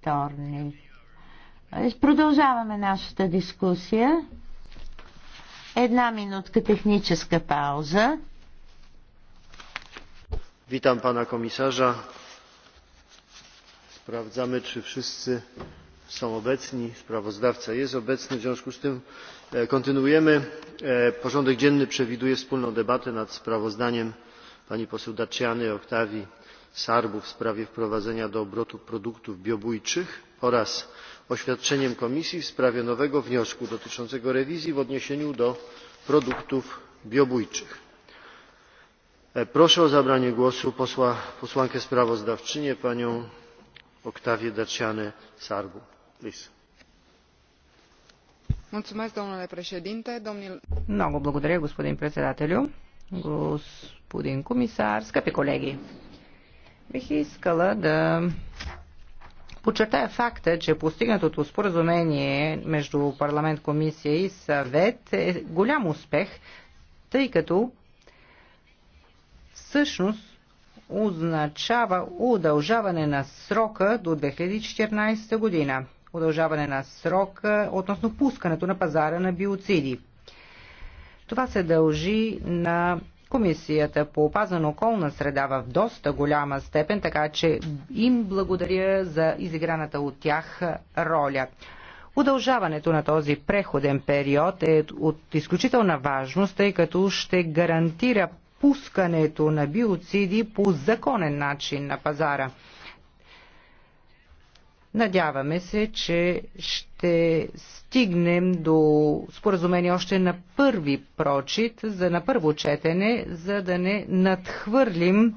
вторник. Продължаваме нашата дискусия. Една минутка техническа пауза. Witam pana komisarza. Sprawdzamy, czy wszyscy są obecni. Sprawozdawca jest obecny. W związku z tym kontynuujemy. Porządek dzienny przewiduje wspólną debatę nad sprawozdaniem pani poseł Daciany Oktawi sarbu w sprawie wprowadzenia do obrotu produktów biobójczych oraz oświadczeniem komisji w sprawie nowego wniosku dotyczącego rewizji w odniesieniu do produktów biobójczych. proszę o zabranie głosu posłankę sprawozdawczynię panią octavię dacianę sarbu. Много благодаря, господин председателю, господин комисар, скъпи колеги! Бих искала да подчертая факта, че постигнатото споразумение между парламент, комисия и съвет е голям успех, тъй като всъщност означава удължаване на срока до 2014 година. Удължаване на срока относно пускането на пазара на биоциди. Това се дължи на Комисията по опазано околна среда в доста голяма степен, така че им благодаря за изиграната от тях роля. Удължаването на този преходен период е от изключителна важност, тъй като ще гарантира пускането на биоциди по законен начин на пазара. Надяваме се, че ще стигнем до споразумение още на първи прочит, за на първо четене, за да не надхвърлим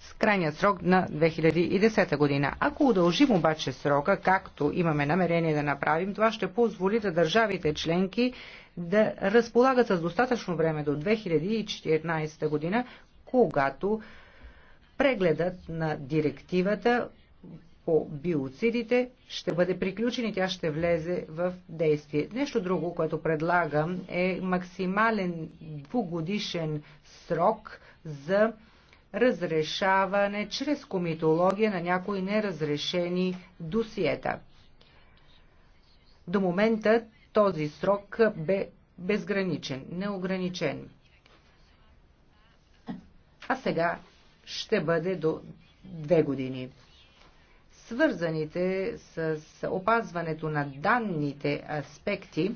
с крайния срок на 2010 година. Ако удължим обаче срока, както имаме намерение да направим, това ще позволи да държавите членки да разполагат с достатъчно време до 2014 година, когато прегледът на директивата по биоцидите ще бъде приключен и тя ще влезе в действие. Нещо друго, което предлагам е максимален двугодишен срок за разрешаване чрез комитология на някои неразрешени досиета. До момента този срок бе безграничен, неограничен. А сега ще бъде до две години свързаните с опазването на данните аспекти,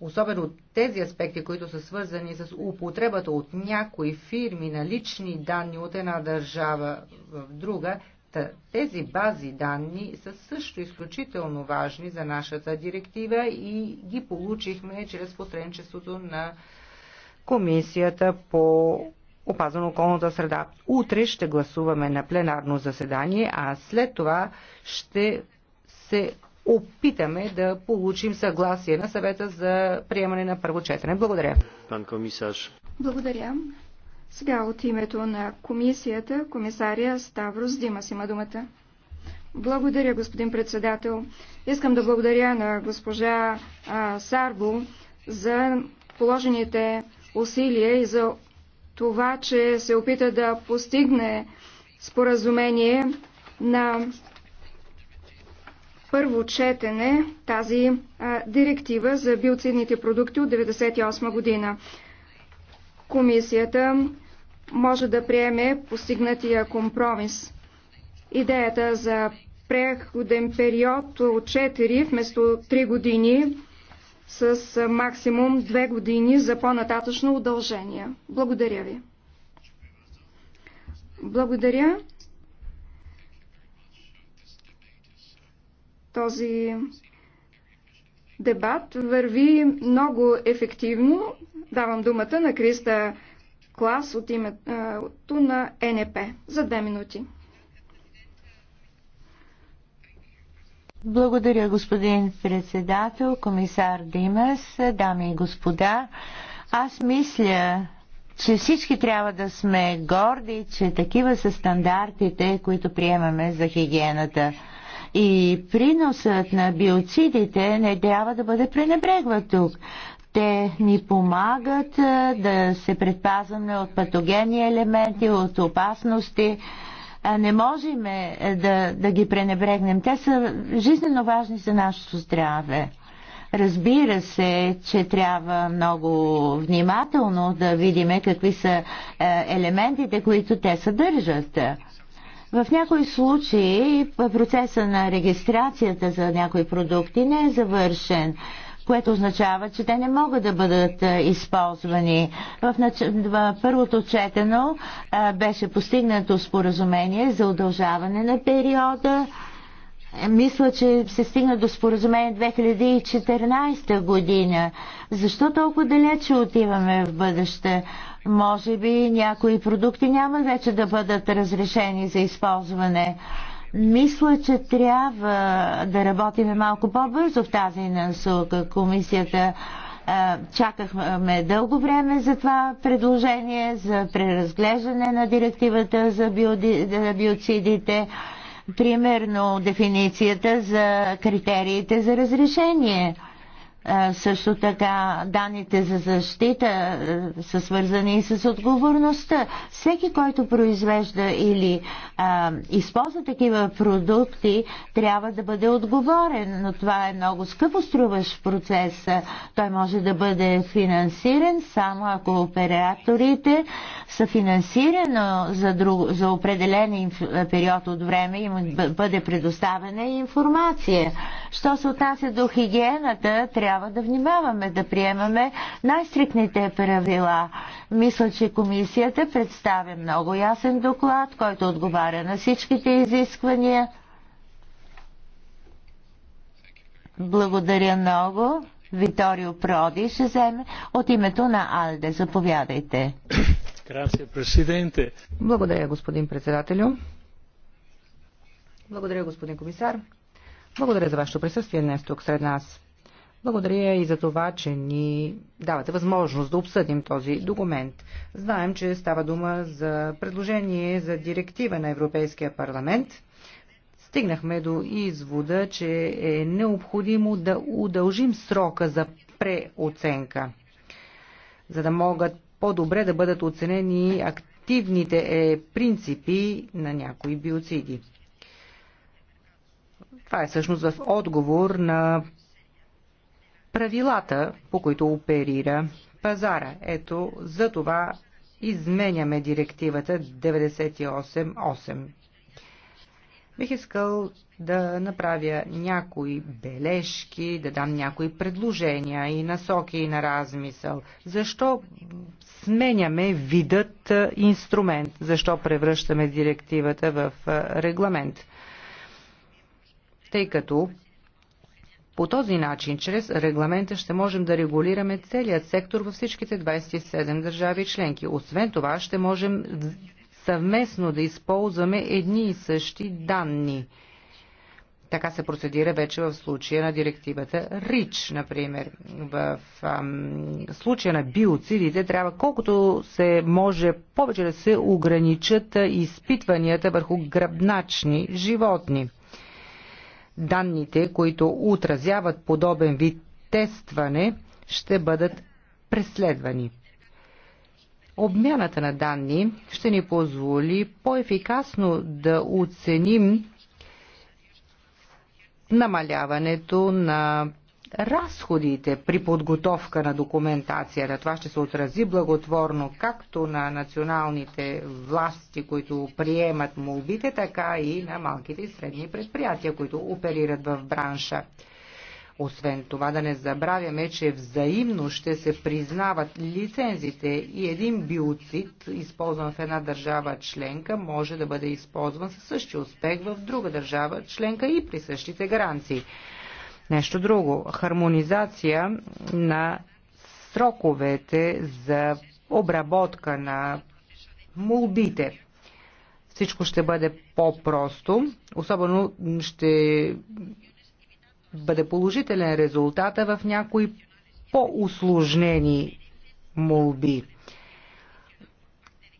особено тези аспекти, които са свързани с употребата от някои фирми на лични данни от една държава в друга, тези бази данни са също изключително важни за нашата директива и ги получихме чрез посредничеството на Комисията по опазване на околната среда. Утре ще гласуваме на пленарно заседание, а след това ще се опитаме да получим съгласие на съвета за приемане на първо четене. Благодаря. Пан комисар. Благодаря. Сега от името на комисията, комисария Ставрос Димас има думата. Благодаря, господин председател. Искам да благодаря на госпожа а, Сарбо за положените усилия и за това, че се опита да постигне споразумение на първо четене тази а, директива за биоцидните продукти от 1998 година. Комисията може да приеме постигнатия компромис. Идеята за преходен период от 4 вместо 3 години с максимум две години за по-нататъчно удължение. Благодаря ви. Благодаря. Този дебат върви много ефективно. Давам думата на Криста Клас от името на НП за две минути. Благодаря, господин председател, комисар Димес, дами и господа. Аз мисля, че всички трябва да сме горди, че такива са стандартите, които приемаме за хигиената. И приносът на биоцидите не трябва да бъде пренебрегват тук. Те ни помагат да се предпазваме от патогени елементи, от опасности не можем е, да, да ги пренебрегнем. Те са жизненно важни за нашето здраве. Разбира се, че трябва много внимателно да видим какви са е, елементите, които те съдържат. В някои случаи процеса на регистрацията за някои продукти не е завършен което означава, че те не могат да бъдат използвани. В, нач... в първото четено беше постигнато споразумение за удължаване на периода. Мисля, че се стигна до споразумение 2014 година. Защо толкова далече отиваме в бъдеще? Може би някои продукти няма вече да бъдат разрешени за използване. Мисля, че трябва да работиме малко по-бързо в тази насока. Комисията е, чакахме дълго време за това предложение, за преразглеждане на директивата за биоцидите, примерно дефиницията за критериите за разрешение. Е, също така данните за защита е, са свързани и с отговорността. Всеки, който произвежда или а, е, използва такива продукти, трябва да бъде отговорен, но това е много скъпо струващ процес. Той може да бъде финансиран само ако операторите са финансирано за, друг, за определен период от време и бъде предоставена информация. Що се отнася до хигиената, трябва трябва да внимаваме, да приемаме най-стрикните правила. Мисля, че комисията представя много ясен доклад, който отговаря на всичките изисквания. Благодаря много. Виторио Проди ще вземе от името на Алде. Заповядайте. Благодаря, господин председателю. Благодаря, господин комисар. Благодаря за вашето присъствие днес тук сред нас. Благодаря и за това, че ни давате възможност да обсъдим този документ. Знаем, че става дума за предложение за директива на Европейския парламент – стигнахме до извода, че е необходимо да удължим срока за преоценка, за да могат по-добре да бъдат оценени активните е принципи на някои биоциди. Това е всъщност в отговор на правилата, по които оперира пазара. Ето, за това изменяме директивата 98.8. Бих искал да направя някои бележки, да дам някои предложения и насоки и на размисъл. Защо сменяме видът инструмент? Защо превръщаме директивата в регламент? Тъй като по този начин, чрез регламента, ще можем да регулираме целият сектор във всичките 27 държави членки. Освен това, ще можем съвместно да използваме едни и същи данни. Така се процедира вече в случая на директивата РИЧ, например. В ам, случая на биоцидите трябва колкото се може повече да се ограничат изпитванията върху гръбначни животни данните, които отразяват подобен вид тестване, ще бъдат преследвани. Обмяната на данни ще ни позволи по-ефикасно да оценим намаляването на разходите при подготовка на документацията. Това ще се отрази благотворно както на националните власти, които приемат молбите, така и на малките и средни предприятия, които оперират в бранша. Освен това да не забравяме, че взаимно ще се признават лицензите и един биоцид, използван в една държава членка, може да бъде използван със същия успех в друга държава членка и при същите гаранции. Нещо друго. Хармонизация на сроковете за обработка на молбите. Всичко ще бъде по-просто. Особено ще бъде положителен резултата в някои по-усложнени молби,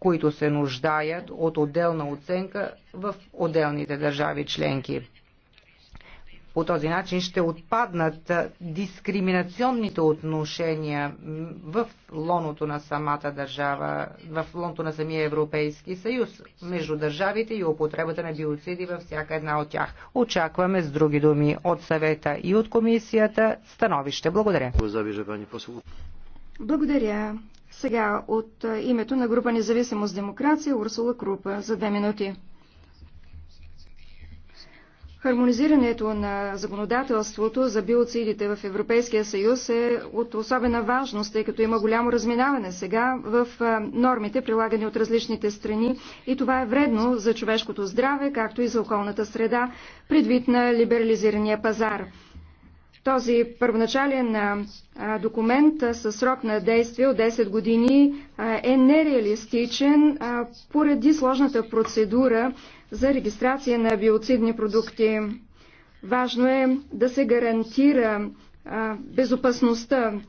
които се нуждаят от отделна оценка в отделните държави членки. По този начин ще отпаднат дискриминационните отношения в лоното на самата държава, в лоното на самия Европейски съюз, между държавите и употребата на биоциди във всяка една от тях. Очакваме, с други думи, от съвета и от комисията становище. Благодаря. Благодаря. Сега от името на група Независимост демокрация Урсула Крупа за две минути. Хармонизирането на законодателството за биоцидите в Европейския съюз е от особена важност, тъй като има голямо разминаване сега в нормите, прилагани от различните страни и това е вредно за човешкото здраве, както и за околната среда, предвид на либерализирания пазар. Този първоначален документ със срок на действие от 10 години е нереалистичен поради сложната процедура за регистрация на биоцидни продукти. Важно е да се гарантира а, безопасността.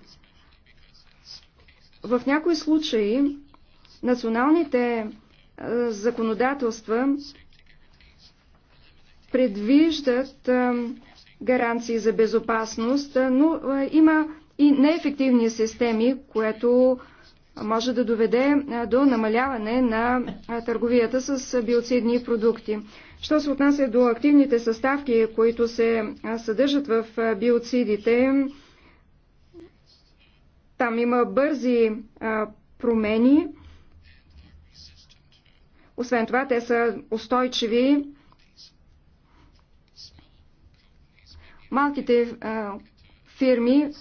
В някои случаи националните а, законодателства предвиждат а, гаранции за безопасност, но а, има и неефективни системи, което а, може да доведе до намаляване на търговията с биоцидни продукти. Що се отнася до активните съставки, които се съдържат в биоцидите, там има бързи промени. Освен това, те са устойчиви. Малките фирми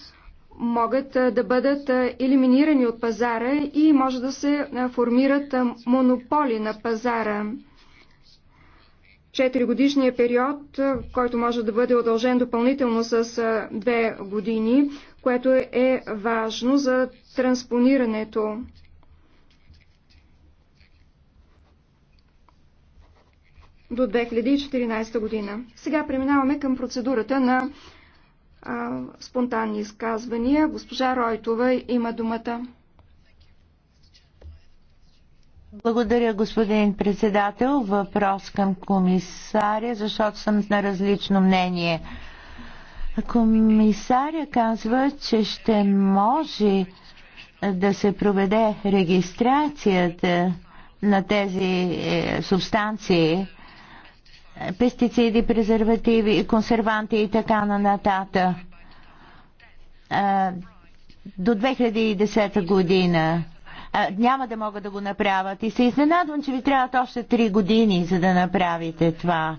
могат да бъдат елиминирани от пазара и може да се формират монополи на пазара. годишния период, който може да бъде удължен допълнително с две години, което е важно за транспонирането. до 2014 година. Сега преминаваме към процедурата на а, спонтанни изказвания. Госпожа Ройтова има думата. Благодаря, господин председател. Въпрос към комисаря, защото съм на различно мнение. Комисаря казва, че ще може да се проведе регистрацията на тези е, субстанции пестициди, презервативи, консерванти и така на натата. До 2010 година няма да могат да го направят и се изненадвам, че ви трябват още 3 години, за да направите това.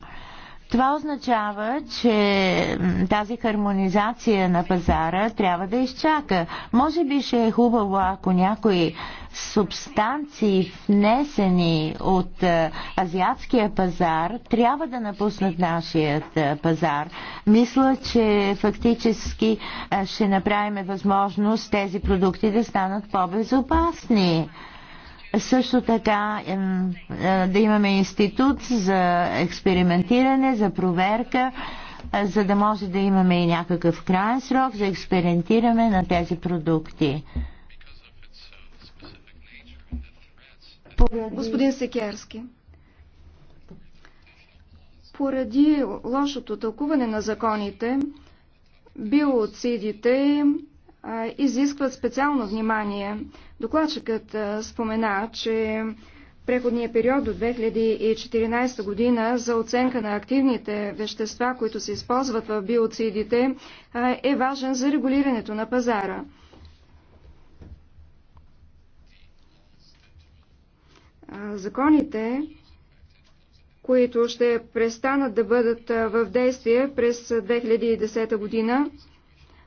Това означава, че тази хармонизация на пазара трябва да изчака. Може би ще е хубаво, ако някои субстанции, внесени от е, азиатския пазар, трябва да напуснат нашият е, пазар. Мисля, че фактически е, ще направим възможност тези продукти да станат по-безопасни. Също така е, да имаме институт за експериментиране, за проверка, е, за да може да имаме и някакъв крайен срок за експериментиране на тези продукти. Господин Секерски, поради лошото тълкуване на законите, биоцидите изискват специално внимание. Докладчикът спомена, че преходния период до 2014 година за оценка на активните вещества, които се използват в биоцидите, е важен за регулирането на пазара. Законите, които ще престанат да бъдат в действие през 2010 година,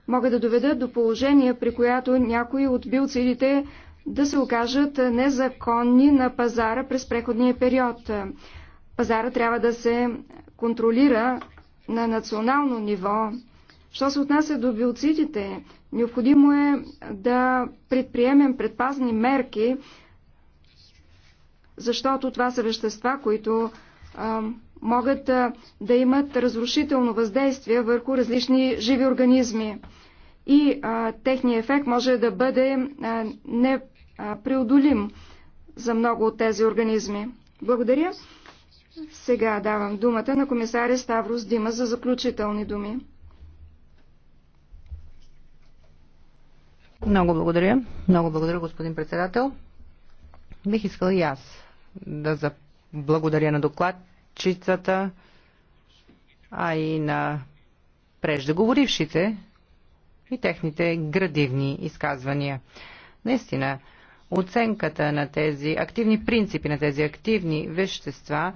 могат да доведат до положение, при която някои от биоцидите да се окажат незаконни на пазара през преходния период. Пазара трябва да се контролира на национално ниво. Що се отнася до биоцидите, необходимо е да предприемем предпазни мерки, защото това са вещества, които а, могат да имат разрушително въздействие върху различни живи организми и а, техния ефект може да бъде а, непреодолим за много от тези организми. Благодаря. Сега давам думата на комисаря Ставрос Дима за заключителни думи. Много благодаря. Много благодаря, господин председател. Бих искал и аз да благодаря на доклад Чицата, а и на преждеговорившите и техните градивни изказвания. Наистина, оценката на тези активни принципи, на тези активни вещества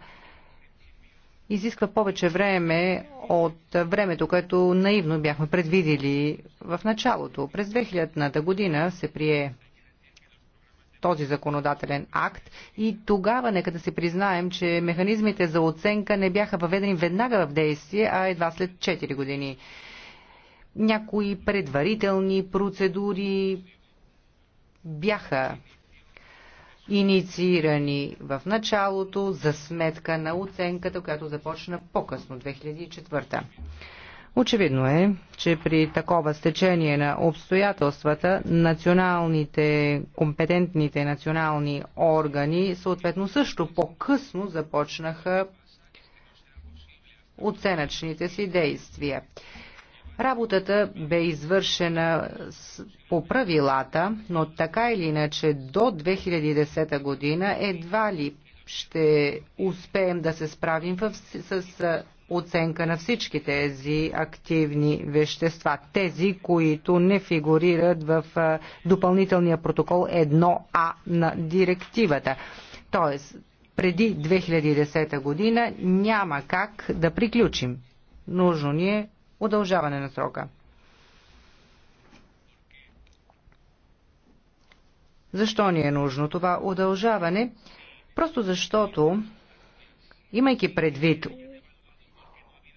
изисква повече време от времето, което наивно бяхме предвидили в началото. През 2000-та година се прие този законодателен акт и тогава нека да се признаем, че механизмите за оценка не бяха въведени веднага в действие, а едва след 4 години. Някои предварителни процедури бяха инициирани в началото за сметка на оценката, която започна по-късно 2004. Очевидно е, че при такова стечение на обстоятелствата националните, компетентните национални органи съответно също по-късно започнаха оценъчните си действия. Работата бе извършена по правилата, но така или иначе до 2010 година едва ли ще успеем да се справим с оценка на всички тези активни вещества, тези, които не фигурират в допълнителния протокол 1А на директивата. Тоест, преди 2010 година няма как да приключим. Нужно ни е удължаване на срока. Защо ни е нужно това удължаване? Просто защото, имайки предвид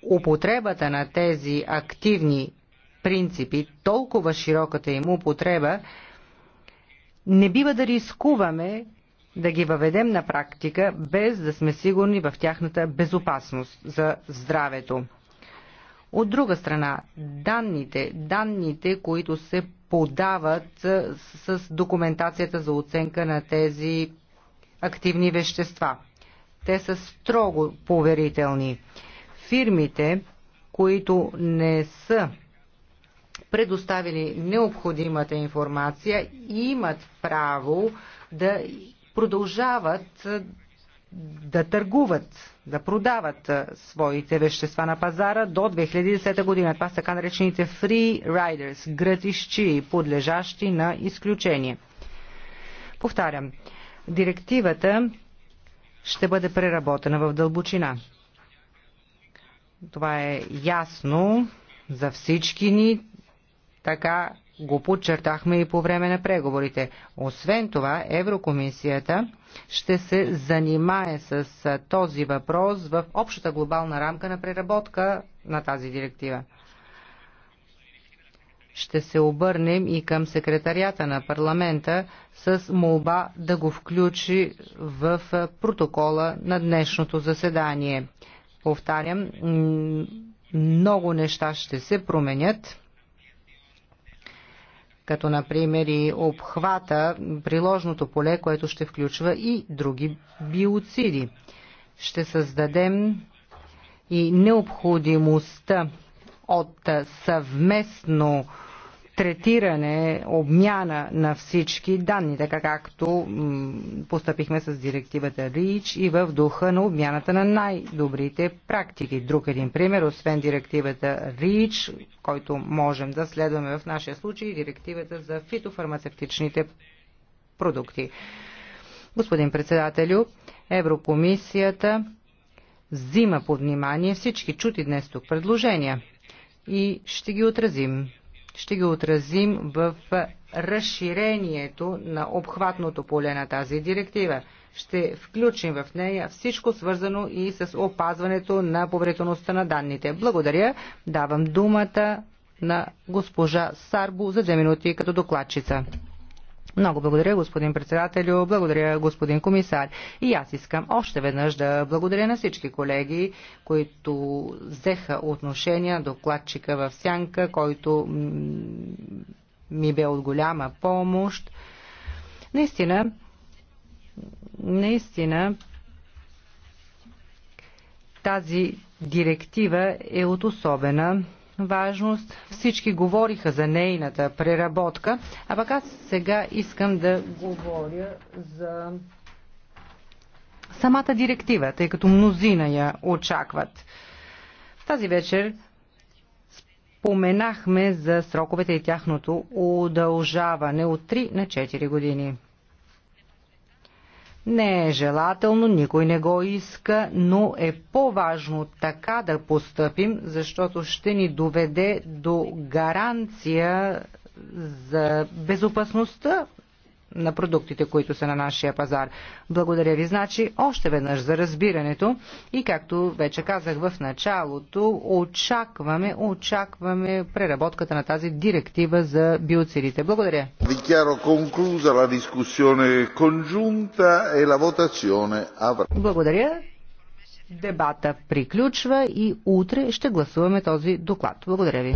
употребата на тези активни принципи, толкова широката им употреба, не бива да рискуваме да ги въведем на практика, без да сме сигурни в тяхната безопасност за здравето. От друга страна, данните, данните, които се подават с документацията за оценка на тези активни вещества. Те са строго поверителни фирмите, които не са предоставили необходимата информация, имат право да продължават да търгуват, да продават своите вещества на пазара до 2010 година. Това са така наречените free riders, гратищи, подлежащи на изключение. Повтарям, директивата ще бъде преработена в дълбочина. Това е ясно за всички ни, така го подчертахме и по време на преговорите. Освен това, Еврокомисията ще се занимае с този въпрос в общата глобална рамка на преработка на тази директива. Ще се обърнем и към секретарията на парламента с молба да го включи в протокола на днешното заседание повтарям, много неща ще се променят като например и обхвата, приложното поле, което ще включва и други биоциди. Ще създадем и необходимостта от съвместно третиране, обмяна на всички данни, така както постъпихме с директивата РИЧ и в духа на обмяната на най-добрите практики. Друг един пример, освен директивата РИЧ, който можем да следваме в нашия случай, директивата за фитофармацевтичните продукти. Господин председателю, Еврокомисията взима под внимание всички чути днес тук предложения и ще ги отразим ще ги отразим в разширението на обхватното поле на тази директива. Ще включим в нея всичко свързано и с опазването на поверителността на данните. Благодаря. Давам думата на госпожа Сарбо за две минути като докладчица. Много благодаря, господин председателю, благодаря, господин комисар. И аз искам още веднъж да благодаря на всички колеги, които взеха отношения, докладчика в сянка, който ми бе от голяма помощ. Наистина, наистина, тази директива е от особена важност. Всички говориха за нейната преработка, а пък аз сега искам да говоря за самата директива, тъй като мнозина я очакват. Тази вечер споменахме за сроковете и тяхното удължаване от 3 на 4 години. Не е желателно, никой не го иска, но е по-важно така да постъпим, защото ще ни доведе до гаранция за безопасността на продуктите, които са на нашия пазар. Благодаря ви, значи, още веднъж за разбирането и както вече казах в началото, очакваме, очакваме преработката на тази директива за биоцидите. Благодаря. Dichiaro конклуза la дискусионе конжунта и la вотационе Благодаря. Дебата приключва и утре ще гласуваме този доклад. Благодаря ви.